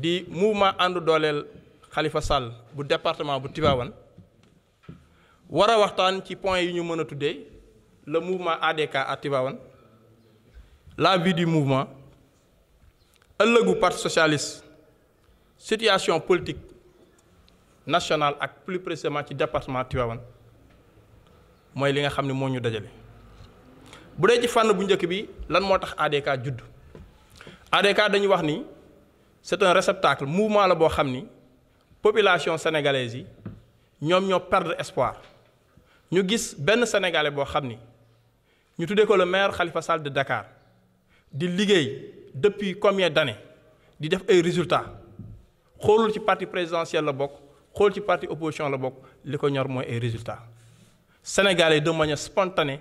di mouvement ànd dooleel xalifa Sall bu département bu Tivaouane war a waxtaan ci point yi ñu mën a tuddee le mouvement ADK à Tivaouane la vie du mouvement ëllëgu parti socialiste situation politique nationale ak plus précisément ci département Tivaouane mooy li nga xam ne moo ñu dajale bu dee ci fànn bu njëkk bi lan moo tax ADK juddu ADK dañu wax nii c'est un réceptacle mouvement la boo xam ni population sénégalaise yi ñoom ñoo perdre espoir ñu gis benn sénégalais boo xam ni ñu tuddee ko le maire xalifa Sall de Dakar di liggéey depuis combien d'années di def ay résultats xoolul ci parti présidentiel la bokk xool ci parti opposition la bokk li ko ñor mooy ay résultats sénégalais de manière spontanée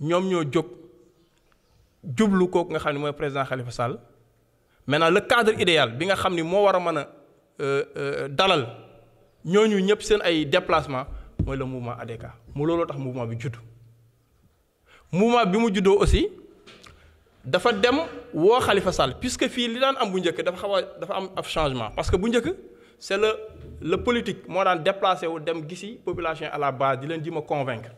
ñoom ñoo jóg jublu kooku nga xam ne mooy président Khalifa Sall. maintenant le cadre idéal bi nga xam ni moo war a mën a euh, euh, dalal ñooñu ñëpp seen ay déplacement mooy le mouvement mu looloo tax mouvement bi judd mouvement bi mu juddoo aussi dafa dem woo Khalifa Sall puisque fii li daan am bu njëkk dafa xaw a dafa am ab changement parce que bu njëkk c'est le le politique moo daan déplacé wu dem gisi population à la base di leen di ma convaincre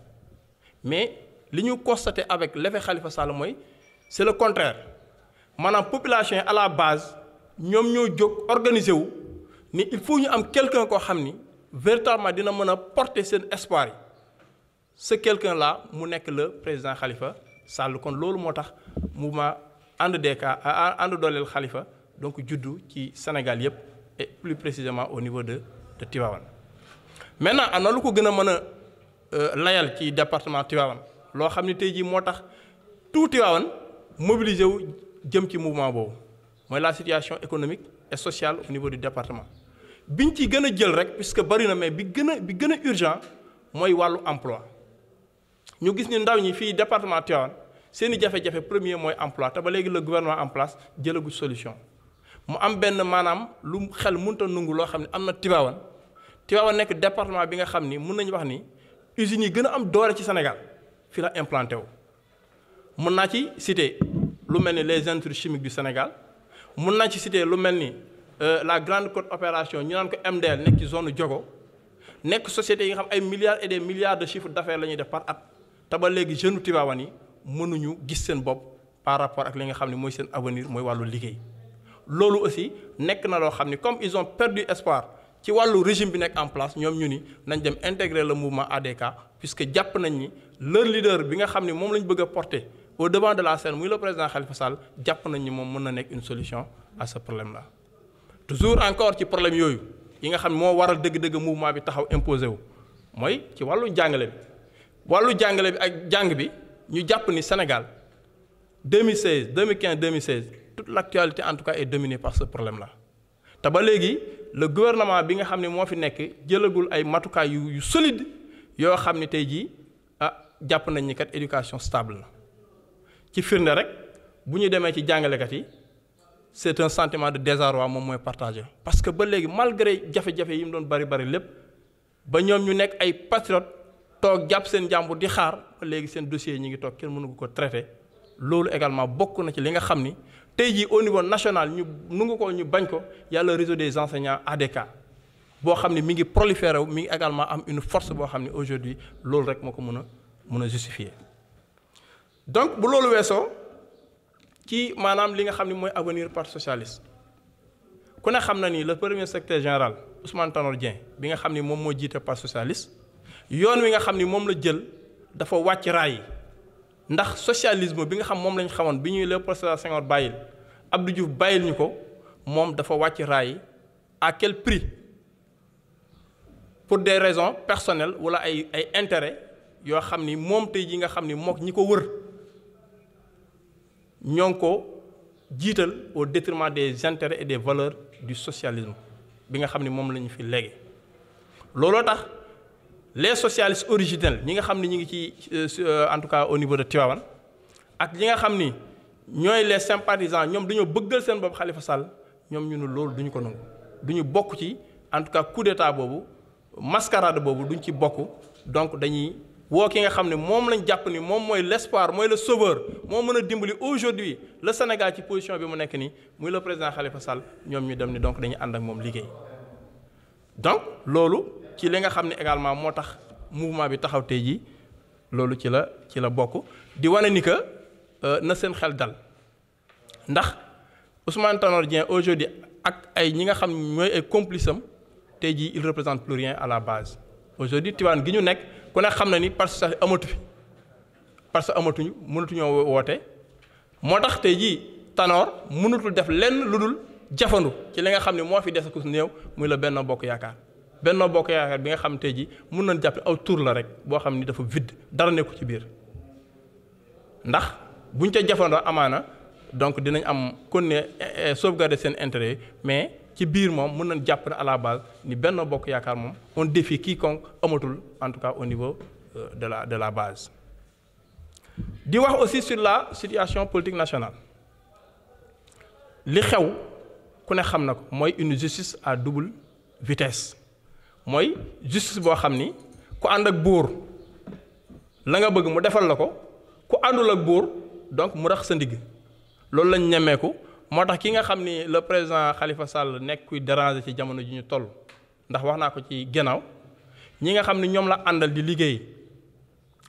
mais li ñu constaté avec l'effet Khalifa Sall mooy c'est le contraire maanaam population yi à la base ñoom ñoo jóg organiser wu ni il faut ñu am quelqu'un koo xam ni véritablement dina mën a porter seen espoir yi ce quelqu'un là mu nekk la président Khalifa Sall kon loolu moo tax mu ma ànd DK ànd dooleel xalifa donc juddu ci Sénégal yëpp et plus précisément au niveau de de Tivaouane maintenant am na lu ko gën a mën a euh, layal ci département Tivaouane loo xam ne tey jii moo tax tout Tivaouane mobilisé wu. jëm ci mouvement boobu mooy la situation économique et sociale au niveau du département biñ ci gën a jël rek puisque bari na mais bi gën a bi gën a urgent mooy wàllu emploi ñu gis ni ndaw ñi fii département Tivaouane seeni jafe-jafe premier mooy emploi te ba léegi la gouvernement en place jëlagu solution mu am benn maanaam lu xel mënta nungu loo xam ne am na Tivaouane Tivaouane nekk département bi nga xam ni mun nañu wax ni usines yi gën a am doore ci Sénégal fii la implanté wu mën ci cité lu mel ni les industries chimiques du Sénégal mun naa ci citer lu mel ni euh, la grande côte opération ñu naan ko MDL nekk ci zone jogo nekk sociétés yi nga xam ay milliards et des milliards de chiffres d'affaires la ñuy def par at te ba léegi jeunes Tivaouane yi mënuñu gis seen bopp par rapport ak li nga xam ne mooy seen avenir mooy wàllu liggéey loolu aussi nekk na loo xam ni comme ils ont perdu espoir ci wàllu régime bi nekk en place ñoom ñu ni nañ dem intégrer le mouvement ADK puisque jàpp nañ ni leur leader bi nga xam ne moom lañ bëgg a porter au devant de la scène muy le président Khalifa Sall jàpp nañ ni moom mën na nekk une solution à ce problème là. toujours encore ci problème yooyu yi nga xam moo waral dëgg-dëgg mouvement bi taxaw imposé wu mooy ci wàllu jàngale wàllu jàngale bi ak jàng bi ñu jàpp ni Sénégal 2016 2015 2016 toute l' actualité en tout cas est dominée par ce problème là. te ba léegi la gouvernement bi nga xam ne moo fi nekk jëlagul ay matukaay yu yu solide yoo xam ne tey jii ah jàpp nañ ni kat éducation stable na ci firnde rek bu ñu demee ci jàngalekat yi c'est un sentiment de désarroi moom mooy partagé parce que ba léegi malgré jafe-jafe yi mu doon bari bari lépp ba ñoom ñu nekk ay patriote toog jàpp seen jàmbur di xaar ba léegi seen dossier ñu ngi toog kenn mënu ko traité loolu également bokk na ci li nga xam ni tey jii au niveau national ñu nungu ko ñu bañ ko yàlla réseau des enseignants ADK boo xam ni mu ngi proliféré mi ngi également am une force boo xam ni aujourd'hui loolu rek moo ko mën a mën a justifier donc bu loolu weesoo ci maanaam li nga xam ne mooy avenir parti socialiste ku ne xam na ni le premier secteur général Ousmane Tanor bi nga xam ni moom moo jiite parti socialiste yoon wi nga xam ni moom la jël dafa wàcc raay yi ndax socialisme bi nga xam moom lañ xamoon bi ñuy Léopold Sédar Senghor bàyyil Abdou Diouf bàyyil ñu ko moom dafa wàcc raay yi à quel prix pour des raisons personnel wala ay ay intérêts yoo xam ni moom tey ji nga xam ni mook ñi ko wër. ñoo ngi ko jiital au détriment des intérêts et des valeurs du socialisme bi nga xam ne moom la ñu fi léegi looloo tax les socialistes originels ñi nga xam ne ñu ngi ci euh, en tout cas au niveau de Tivaouane ak ñi nga xam ni ñooy les sympathisants ñoom dañoo bëggal seen bopp xalifa Sall ñoom ñu ne loolu duñu ko nangu duñu bokk ci en tout cas coup d'état boobu mascarade boobu duñ ci bokk donc dañuy woo ki nga xam ne moom lañ jàpp ni moom mooy l'espoir mooy le sauveur moo mën a dimbali aujourd'hui le Sénégal ci position bi mu nekk nii muy le président Khalifa Sall ñoom ñu dem ni donc dañu ànd ak moom liggéey donc loolu ci li nga xam ne également moo tax mouvement bi taxaw tey jii loolu ci la ci la bokk di wane ni que euh, na seen xel dal ndax Ousmane Tanor Dieng aujourd'hui ak ay ñi nga xam ñooy ay complice am tey jii il représente plus à la base aujourd'hui Tivaouane gi ñu nekk. ku ne xam na ni parce que amatu fi parce que amatuñu mënatuñoo woote moo tax tey jii Tanor mënatul def lenn lu dul jafandu ci li nga xam ne moo fi des ku néew muy la Benno Bokk Yaakaar Benno Bokk Yaakaar bi nga xam tey jii mun nañ jàppe aw tur la rek boo xam ni dafa vide dara nekku ci biir ndax buñ ca jafandoo amaana donc dinañ am kon ne eh, eh, sauvegarder seen intérêt mais. ci biir moom mën nañ jàpp ne à la base ni benn Bokk Yaakaar moom on défie quiconque amatul en tout cas au niveau euh, de la de la base. di wax aussi sur la situation politique nationale li xew ku ne xam na ko mooy une justice à double vitesse mooy justice boo xam ni ku ànd ak buur la nga bëgg mu defal la ko ku àndul ak buur donc mu rax sa ndigg loolu lañ ñemeeku. moo tax ki nga xam ni le président Khalifa Sall nekk kuy déranger ci jamono ji ñu toll ndax wax naa ko ci gannaaw ñi nga xam ni ñoom la àndal di liggéey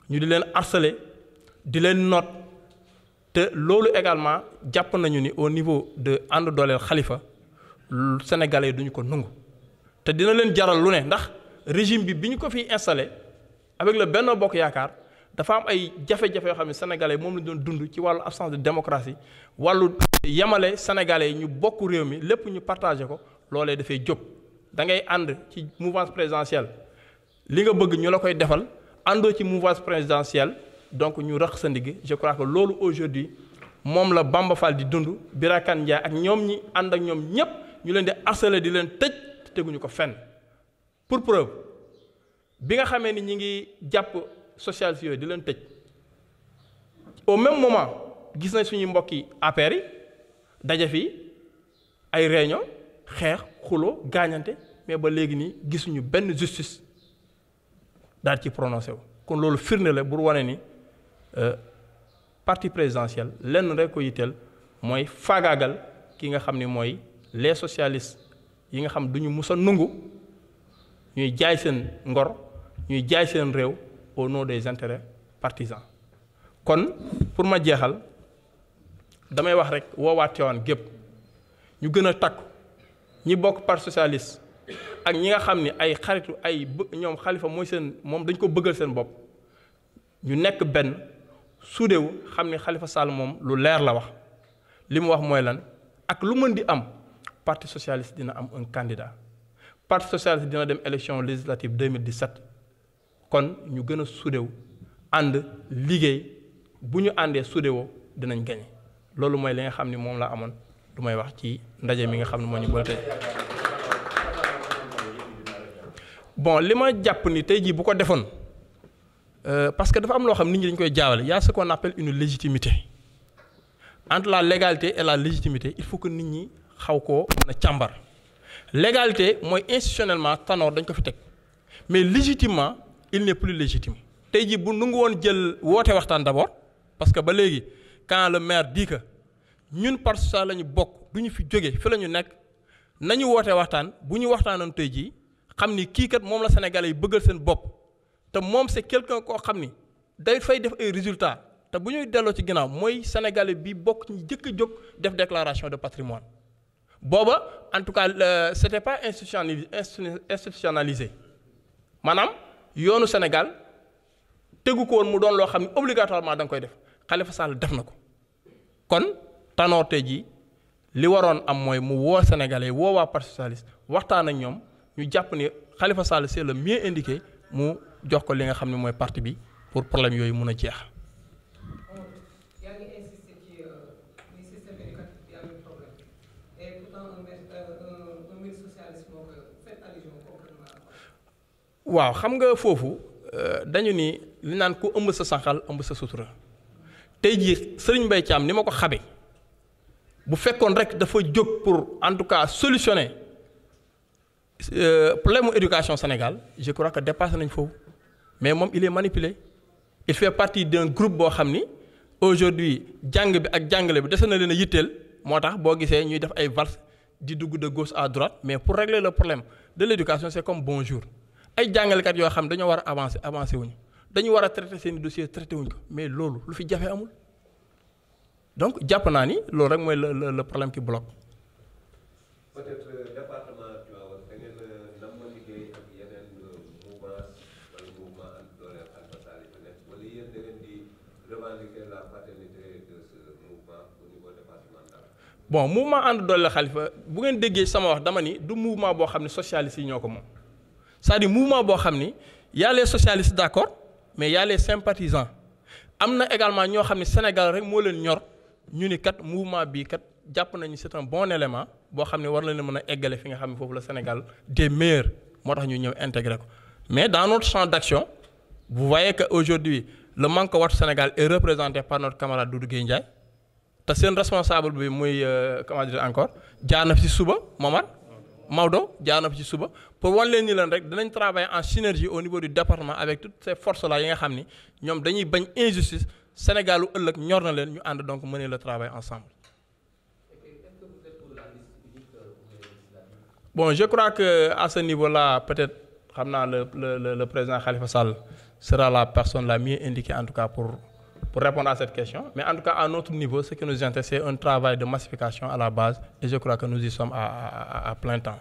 ñu di leen harceler di leen noot te loolu également jàpp nañu ni au niveau de ànd dooleel xalifa sénégalais yi duñu ko nangu te dina leen jaral lu ne ndax régime bi bi ñu ko fiy installé avec le benn Bokk Yaakaar dafa am ay jafe-jafe yoo xam ne sénégalais moom la doon dund ci wàllu absence de démocratie yemale sénégalais yi ñu bokk réew mi lépp ñu partagé ko loolee dafay jóg da ngay ànd ci mouvance présidentielle li nga bëgg ñu la koy defal àndoo ci mouvance présidentielle donc ñu rax sa ndigg je crois que loolu aujourd'hui moom la Bamba Fall di dund Birakan Ndiaye ak ñoom ñi ànd ak ñoom ñépp ñu leen di harceler di leen tëj te teguñu ko fenn pour preuve bi nga xamee ni ñi ngi jàpp social yooyu di leen tëj au même moment gis nañ suñu mbokki APR yi daje fi ay réunion xeex xulo gaañante mais ba léegi nii gisuñu benn justice daal ci prononcé wu kon loolu firnde la pour wane ni euh, parti présidentiel lenn rek ko yitteel mooy faagaagal ki nga xam ni mooy les socialistes yi nga xam duñu musa a nangu ñuy jaay seen ngor ñuy jaay seen réew au nom des intérêts partisans kon pour ma jeexal damay wax rek woowaat Tiwaawan gépp ñu gën a takku ñi bokk parti socialiste ak ñi nga xam ni ay xaritu ay ñoom xalifa mooy seen moom dañ ko bëggal seen bopp ñu nekk benn suudewu xam ni xalifa Sall moom lu leer la wax li mu wax mooy lan ak lu mën di am parti socialiste dina am un candidat parti socialiste dina dem élection législative 2017 kon ñu gën a suudewu ànd liggéey bu ñu àndee suudewoo dinañ gañe loolu mooy li nga xam ni moom laa amoon lu may wax ci ndaje mi nga xam ne moo ñu boole tey bon li ma jàpp ni tey jii bu ko defoon euh, parce que dafa am loo xam nit ñi dañ koy jaawale y a ce qu'on une légitimité entre la légalité et la légitimité il faut que nit ñi xaw ko mën a càmbar légalité mooy institutionnellement Tanor dañ ko fi teg mais légitimement il n'est plus légitime tey jii bu nu ngi woon jël woote waxtaan d'abord parce que ba léegi quand le maire dit que ñun Parti social la ñu bokk du ñu fi jóge fi la ñu nekk nañu woote waxtaan bu ñu waxtaan waxtaanoon tey jii xam ni kii kat moom la Sénégalais yi bëggal seen bopp te moom c'est quelqu'un koo xam ni day fay def ay résultat te bu ñuy delloo ci ginnaaw mooy Sénégalais bi bokk ñu jëkk a jóg def déclaration de patrimoine booba en tout cas c'était pas institutionnalisé institutionnalisé maanaam yoonu Sénégal tegu ko woon mu doon loo xam ne obligatoirement da nga koy def. Khalifa Sall def na ko kon Tanor tey jii li waroon am mooy mu woo sénégalais woo waa parti socialiste waxtaan ak ñoom ñu jàpp ni Khalifa Sall c'est le mieux indiqué mu jox ko li nga xam ne mooy parti bi pour problème yooyu mun a jeex. waaw xam nga foofu euh, dañu ni li naan ku ëmb sa sànqal ëmb sa sutura. tey jii Serigne Mbaye Thiam ni ma ko xabe bu fekkoon rek dafa jóg pour en tout cas solutionner euh, problème mu éducation Sénégal je crois que dépassé nañ foofu mais moom il est manipulé il fait partie d'un groupe boo xam ni aujourd'hui jàng bi ak jàngale bi desee na leen a yitteel moo tax boo gisee ñuy def ay valse di dugg de gauche à droite mais pour régler la problème de l'éducation c'est comme bonjour ay jàngalekat yoo xam dañoo war a avancer avancer wuñu dañu war a traité seen dossier traité wuñ ko mais loolu lu fi jafe amul donc jàpp naa ni loolu rek mooy le le problème qui bloque. peut-être euh, département Tivaouane euh, euh, la paternité de bon mouvement ànd dooleel Khalifa bu ngeen déggee sama wax dama ni du mouvement boo xam ne socialiste yi ñoo ko moom c'est-à-dire mouvement boo xam ni y a les socialistes d'accord. mais y a les sympathisants am na également ñoo xam ne Sénégal rek moo leen ñor ñu ni kat mouvement bii kat jàpp nañu c'est un bon élément boo xam ne war na leen mën a eggale fi nga xam ne foofu la Sénégal des meilleurs moo tax ñu ñëw intégré ko mais dans notre champ d'action vous voyez que aujourd'hui le Manko Wattu Sénégal est représenté par notre camarade Doudou Guèye Ndiaye te seen responsable bi muy euh, comment dire encore jaana na fi suba Momar Maodo jaar na fa ci suba pour wan leen ni leen rek danañ travailler en synergie au niveau du département avec toutes ces forces là yi nga xam ni ñoom dañuy bañ injustice sénégalu ëllëg ñor na leen ñu ànd donc mener le travail ensemble. bon je crois que à ce niveau là peut-être xam naa le le le président Khalifa Sall sera la personne la mieux indiquée en tout cas pour. pour répondre à cette question. Mais en tout cas, à notre niveau, ce qui nous intéresse, c'est un travail de massification à la base. Et je crois que nous y sommes à, à, à plein temps.